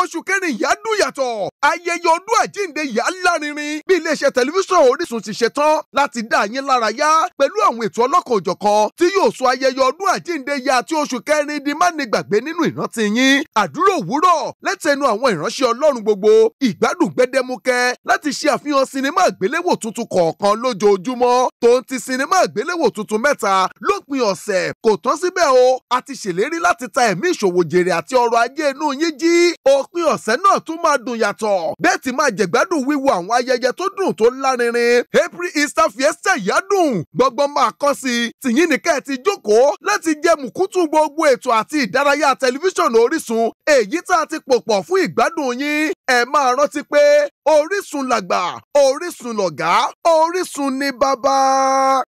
oṣù kẹrin ìyá dùn yàtọ̀ ayẹyẹ ọdún àjíǹde ìyá lárinrin bí iléeṣẹ́ tẹlifíṣàn Orísun ti ṣe tán láti dá yín lára yá pẹ̀lú àwọn ètò ọlọ́kan òjọ̀kan tí yóò sọ ayẹyẹ ọdún àjíǹde ìyá àti oṣù kẹrin di má ní gbàgbé nínú ìrántí yín àdúrà òwúrọ̀ lẹ́tẹ̀ẹ̀nu àwọn ìránṣẹ́ Ọlọ́run gbogbo ìgbádùn gbẹdẹmukẹ láti ṣe àfihàn sinimá àgbéléwò tuntun kọ̀ọ̀kan lójoojúmọ́ tó ń ti sinimá àgbéléwò tuntun mẹ́ta lópin ọ̀sẹ̀ kò tán síbẹ̀ o a ti ṣèlérí láti ta ẹ̀mí ìṣòwò jèrè àti ọrọ̀ ajé inú yín jí ọ̀sẹ̀ náà tún máa dùn yàtọ̀ bẹ́ẹ̀ tí máa jẹ̀gbádùn wíwo àwọn ayẹyẹ tó dùn tó lárinrin April Easter Fiesta ìyádùn gbọgbọ́n máa kọ́ sí i tìyín nìkẹ́ ti jókòó láti jẹ mùkútù gbogbo ètò àti ìdárayá tẹlifíṣàn Orísun èyí tá a ti pò pọ̀ fún ìgbádùn yín ẹ máa rántí pé Orísun làgbà Orísun lọ̀gá Orísun ni bàbá.